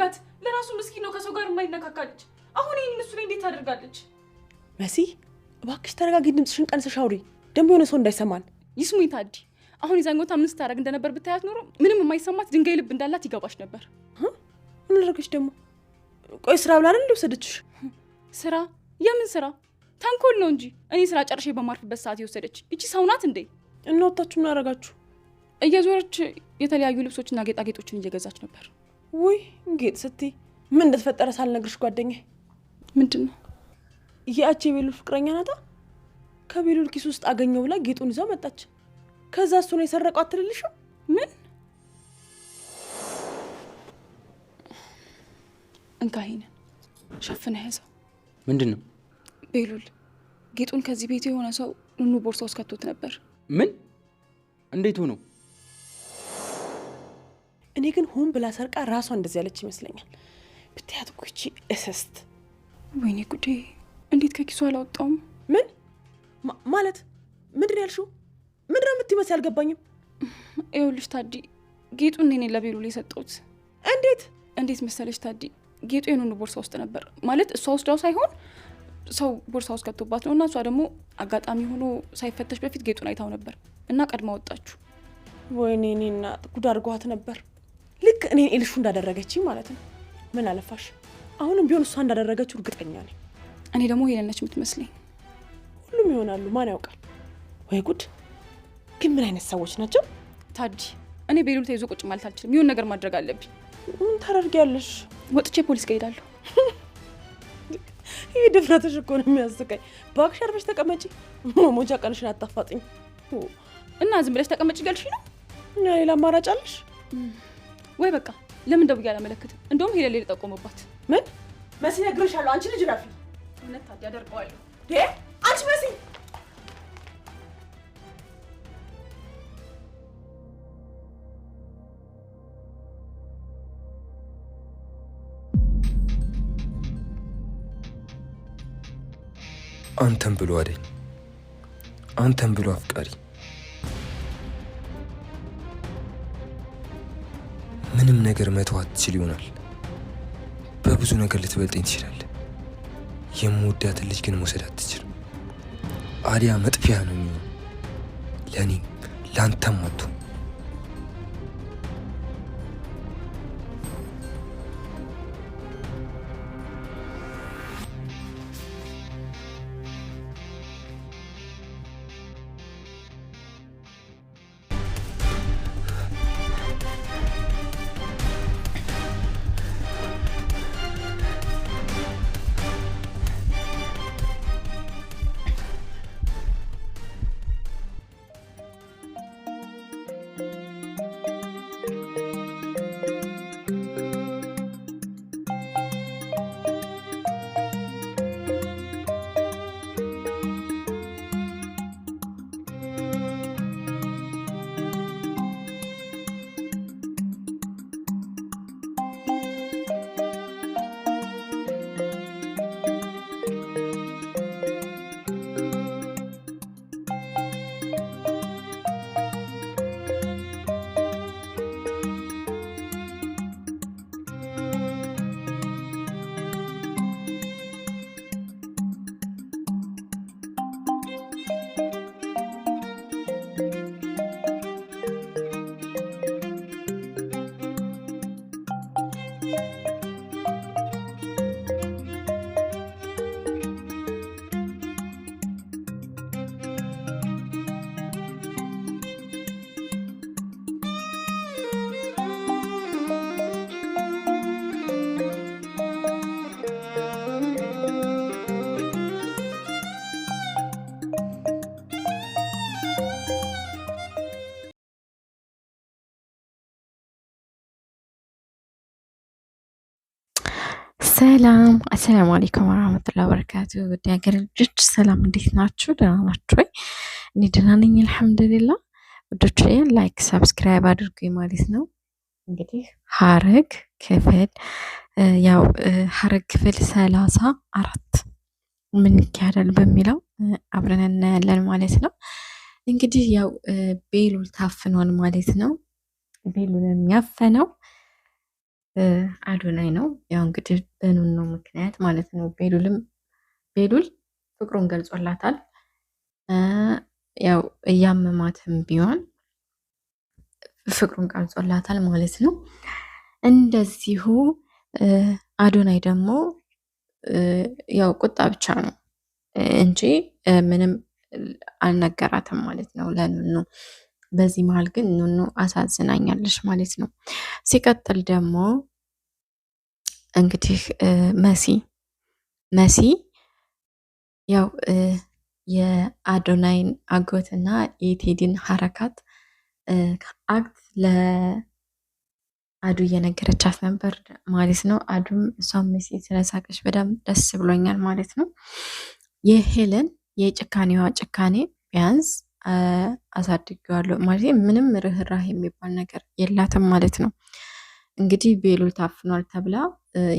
ይሁንበት። ለራሱ ምስኪን ነው፣ ከሰው ጋር የማይነካካ ልጅ። አሁን ይህን እሱ ላይ እንዴት ታደርጋለች? መሲ እባክሽ ተረጋጊ፣ ድምፅሽን ቀንስሽ አውሪ። ደንብ የሆነ ሰው እንዳይሰማን። ይስሙኝ ታዲ፣ አሁን የዛን ጎታ ምን ስታደርግ እንደነበር ብታያት ኖሮ ምንም የማይሰማት ድንጋይ ልብ እንዳላት ይገባሽ ነበር። ምን አደረገች ደግሞ? ቆይ ስራ ብላ አይደል የወሰደችሽ? ስራ? የምን ስራ? ተንኮል ነው እንጂ እኔ ስራ ጨርሼ በማርፍበት ሰዓት የወሰደች ይቺ ሰው ናት እንዴ? እናወታችሁ ምን አደረጋችሁ? እየዞረች የተለያዩ ልብሶችና ጌጣጌጦችን እየገዛች ነበር። ውይ ጌጥ ስትይ ምን እንደተፈጠረ ሳልነግርሽ ጓደኛ ምንድን ነው? ያቺ የቤሉል ፍቅረኛ ናታ። ከቤሉል ኪስ ውስጥ አገኘው ብላ ጌጡን ይዛ መጣች። ከዛ እሱ ነው የሰረቀው አትልልሽም? ምን እንካሂንን ሸፍነ ያዘው። ምንድን ነው? ቤሉል ጌጡን ከዚህ ቤቱ የሆነ ሰው ኑኑ ቦርሳ ውስጥ ከቶት ነበር። ምን? እንዴት ሆነው? እኔ ግን ሁን ብላ ሰርቃ ራሷ እንደዚህ ያለች ይመስለኛል። ብታያት እኮ ይቺ እስስት! ወይኔ ጉዴ! እንዴት ከኪሱ አላወጣውም? ምን ማለት ምንድን ያልሽው? ምንድን የምትመስ? የምትይመስል? አልገባኝም። ይኸውልሽ ታዲ፣ ጌጡ እኔ ነኝ ለቤሉል የሰጠሁት። እንዴት እንዴት መሰለሽ ታዲ፣ ጌጡ የኑኑ ቦርሳ ውስጥ ነበር። ማለት እሷ ወስዳው ሳይሆን ሰው ቦርሳ ውስጥ ከቶባት ነው እና እሷ ደግሞ አጋጣሚ ሆኖ ሳይፈተሽ በፊት ጌጡን አይታው ነበር እና ቀድማ ወጣችሁ። ወይኔ እኔ እናት ጉድ አድርጓት ነበር። ልክ እኔን ኤልሹ እንዳደረገችኝ ማለት ነው። ምን አለፋሽ አሁንም ቢሆን እሷ እንዳደረገችው እርግጠኛ ነኝ። እኔ ደግሞ ሄለነች የምትመስለኝ። ሁሉም ይሆናሉ፣ ማን ያውቃል? ወይ ጉድ! ግን ምን አይነት ሰዎች ናቸው? ታዲ፣ እኔ ቤሉል ተይዞ ቁጭ ማለት አልችልም። ይሁን ነገር ማድረግ አለብኝ። ምን ታደርጊያለሽ? ወጥቼ ፖሊስ ከሄዳለሁ። ይህ ድፍረትሽ እኮ ነው የሚያስቀኝ። እባክሽ አርፈሽ ተቀመጪ። መሞጃ ቀንሽን አታፋጥኝ እና ዝም ብለሽ ተቀመጭ ገልሽ ነው። ሌላ አማራጭ አለሽ? ወይ በቃ ለምን ደውዬ አላመለክትም? እንደውም ሄደሌ ልጠቆምባት። ምን መሲ ነግሬሻለሁ። አንቺ ልጅ ረፊ እውነት ታዲያ አደርገዋለሁ። አንቺ መሲ አንተን ብሎ አደኝ አንተም ብሎ አፍቃሪ ምንም ነገር መተው አትችል ይሆናል። በብዙ ነገር ልትበልጠኝ ትችላለህ። የምወዳትን ልጅ ግን መውሰድ አትችልም። አዲያ መጥፊያ ነው የሚሆን ለእኔም ለአንተም አትሆን ሰላም አሰላሙ አሌይኩም ወራህመቱላሂ በረካቱ ውድ ሀገር ልጆች ሰላም እንዴት ናችሁ? ደህና ናችሁ ወይ? እኔ ደህና ነኝ አልሐምዱሊላህ። ውዶች ላይክ ሰብስክራይብ አድርጉኝ ማለት ነው። እንግዲህ ሀረግ ክፍል ያው ሀረግ ክፍል ሰላሳ አራት ምን ይካሄዳል በሚለው አብረን እናያለን ማለት ነው። እንግዲህ ያው ቤሉል ታፍኗል ማለት ነው። ቤሉል የሚያፈነው አዶናይ ነው። ያው እንግዲህ ነው ምክንያት ማለት ነው። ቤሉልም ቤሉል ፍቅሩን ገልጾላታል። ያው እያመማትም ቢሆን ፍቅሩን ገልጾላታል ማለት ነው። እንደዚሁ አዶናይ ደግሞ ያው ቁጣ ብቻ ነው እንጂ ምንም አልነገራትም ማለት ነው ለኑኑ በዚህ መሀል ግን ኑኑ አሳዝናኛለች ማለት ነው። ሲቀጥል ደግሞ እንግዲህ መሲ መሲ ያው የአዶናይን አጎትና የቴዲን ሀረካት አክት ለአዱ እየነገረቻት ነበር ማለት ነው። አዱም እሷም መሲ ስለሳቀች በጣም ደስ ብሎኛል ማለት ነው። የሄለን የጭካኔዋ ጭካኔ ቢያንስ አሳድጌዋለሁ ማለት ምንም ርኅራህ የሚባል ነገር የላትም ማለት ነው። እንግዲህ ቤሉል ታፍኗል ተብላ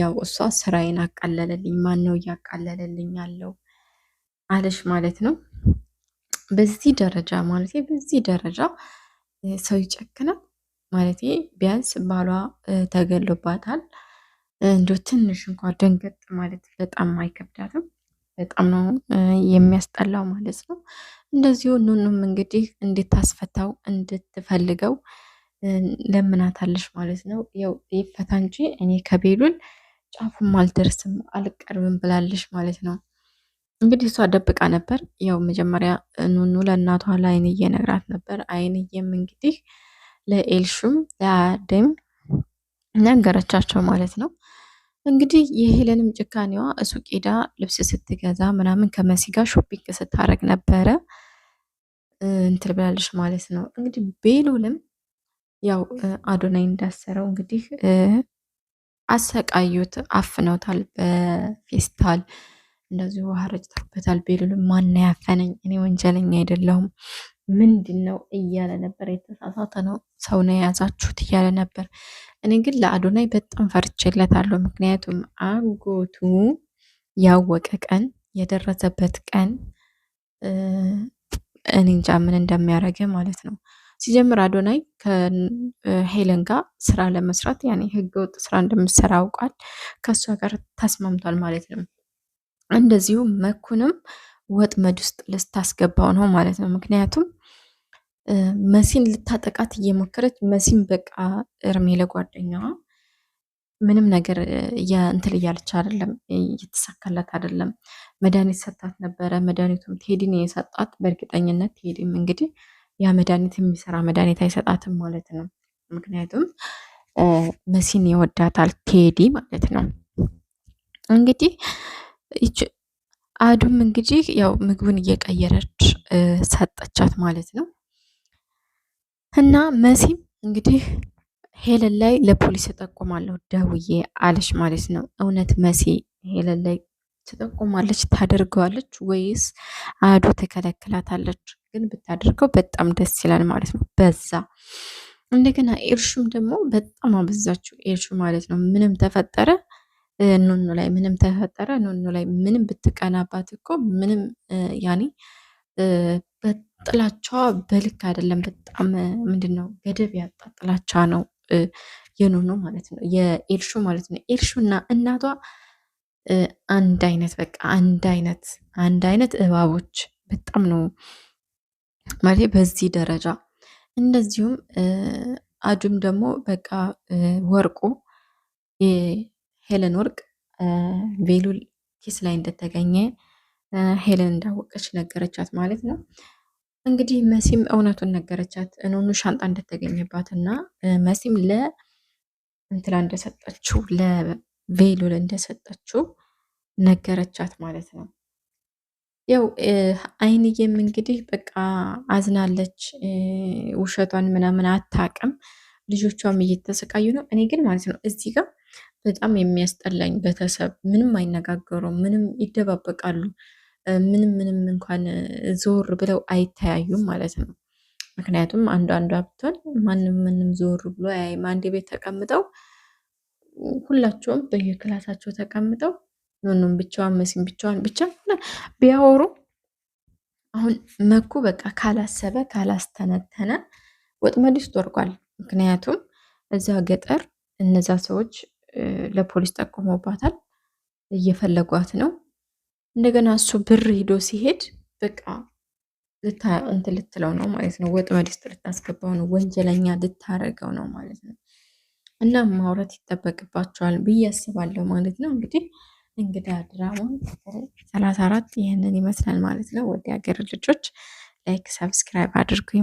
ያው እሷ ስራዬን አቃለለልኝ፣ ማን ነው እያቃለለልኝ ያለው አለሽ ማለት ነው። በዚህ ደረጃ ማለት በዚህ ደረጃ ሰው ይጨክናል ማለት ቢያንስ ባሏ ተገሎባታል እንዶ ትንሽ እንኳ ደንገጥ ማለት በጣም አይከብዳትም። በጣም ነው የሚያስጠላው ማለት ነው። እንደዚሁ ኑኑም እንግዲህ እንድታስፈታው እንድትፈልገው ለምናታለሽ ማለት ነው። ያው ይፈታ እንጂ እኔ ከቤሉል ጫፉም አልደርስም አልቀርብም ብላለሽ ማለት ነው። እንግዲህ እሷ ደብቃ ነበር። ያው መጀመሪያ ኑኑ ለእናቷ ለአይንዬ ነግራት ነበር። አይንዬም እንግዲህ ለኤልሹም ለአደም ነገረቻቸው ማለት ነው። እንግዲህ የሄለንም ጭካኔዋ እሱቅ ሄዳ ልብስ ስትገዛ ምናምን ከመሲ ጋር ሾፒንግ ስታረግ ነበረ እንትል ብላለች ማለት ነው። እንግዲህ ቤሉልም ያው አዶናይ እንዳሰረው እንግዲህ አሰቃዩት፣ አፍነውታል፣ በፌስታል እንደዚሁ ውሃ ረጭተውበታል። ቤሉልም ማን ያፈነኝ እኔ ወንጀለኛ አይደለሁም ምንድን ነው እያለ ነበር። የተሳሳተ ነው ሰው ነው የያዛችሁት እያለ ነበር። እኔ ግን ለአዶናይ በጣም ፈርቼለታለሁ። ምክንያቱም አጎቱ ያወቀ ቀን የደረሰበት ቀን እኔ እንጃ ምን እንደሚያደርግ ማለት ነው። ሲጀምር አዶናይ ከሄለን ጋር ስራ ለመስራት ያኔ ህገወጥ ስራ እንደምትሰራ አውቋል። ከእሷ ጋር ተስማምቷል ማለት ነው። እንደዚሁ መኩንም ወጥመድ ውስጥ ልስታስገባው ነው ማለት ነው። ምክንያቱም መሲን ልታጠቃት እየሞከረች መሲን በቃ እርሜ ለጓደኛዋ ምንም ነገር እንትል እያለች አይደለም፣ እየተሳካላት አይደለም። መድኃኒት ሰጣት ነበረ። መድኃኒቱም ቴዲን የሰጣት በእርግጠኝነት ቴዲም እንግዲህ ያ መድኃኒት የሚሰራ መድኃኒት አይሰጣትም ማለት ነው። ምክንያቱም መሲን ይወዳታል ቴዲ ማለት ነው። እንግዲህ አዱም እንግዲህ ያው ምግቡን እየቀየረች ሰጠቻት ማለት ነው። እና መሲም እንግዲህ ሄለን ላይ ለፖሊስ ተጠቆማለሁ ደውዬ አለች ማለት ነው። እውነት መሲ ሄለን ላይ ተጠቆማለች ታደርገዋለች ወይስ አዶ ተከለክላታለች? ግን ብታደርገው በጣም ደስ ይላል ማለት ነው። በዛ እንደገና ኤርሹም ደግሞ በጣም አበዛችው ኤርሹ ማለት ነው። ምንም ተፈጠረ ኑኑ ላይ ምንም ተፈጠረ ኑኑ ላይ ምንም ብትቀናባት እኮ ምንም ያኔ ጥላቻ በልክ አይደለም። በጣም ምንድን ነው ገደብ ያጣ ጥላቻ ነው የኖኖ ማለት ነው የኤልሹ ማለት ነው። ኤልሹ እና እናቷ አንድ አይነት በቃ አንድ አይነት አንድ አይነት እባቦች በጣም ነው ማለት በዚህ ደረጃ። እንደዚሁም አዱም ደግሞ በቃ ወርቁ የሄለን ወርቅ ቬሉል ኪስ ላይ እንደተገኘ ሄለን እንዳወቀች ነገረቻት ማለት ነው። እንግዲህ መሲም እውነቱን ነገረቻት። እኖኑ ሻንጣ እንደተገኘባት እና መሲም ለእንትላ እንደሰጠችው ለቬሎል እንደሰጠችው ነገረቻት ማለት ነው። ያው አይንዬም እንግዲህ በቃ አዝናለች። ውሸቷን ምናምን አታቅም። ልጆቿም እየተሰቃዩ ነው። እኔ ግን ማለት ነው እዚህ ጋር በጣም የሚያስጠላኝ ቤተሰብ ምንም አይነጋገሩም፣ ምንም ይደባበቃሉ። ምንም ምንም እንኳን ዞር ብለው አይተያዩም ማለት ነው። ምክንያቱም አንዱ አንዷ ብትሆን ማንም ምንም ዞር ብሎ አያይም። አንድ ቤት ተቀምጠው ሁላቸውም በየክላሳቸው ተቀምጠው ኖኖም ብቻዋን መሲም ብቻዋን ብቻ ቢያወሩ አሁን መኩ በቃ ካላሰበ ካላስተነተነ ወጥመድ ውስጥ ወርቋል። ምክንያቱም እዛ ገጠር እነዛ ሰዎች ለፖሊስ ጠቁሞባታል፣ እየፈለጓት ነው። እንደገና እሱ ብር ሂዶ ሲሄድ በቃ እንትን ልትለው ነው ማለት ነው። ወጥመድ ውስጥ ልታስገባው ነው፣ ወንጀለኛ ልታረገው ነው ማለት ነው። እና ማውረት ይጠበቅባቸዋል ብዬ አስባለሁ ማለት ነው። እንግዲህ እንግዳ ድራማ ሰላሳ አራት ይህንን ይመስላል ማለት ነው። ወደ ሀገር ልጆች ላይክ፣ ሰብስክራይብ አድርጉ።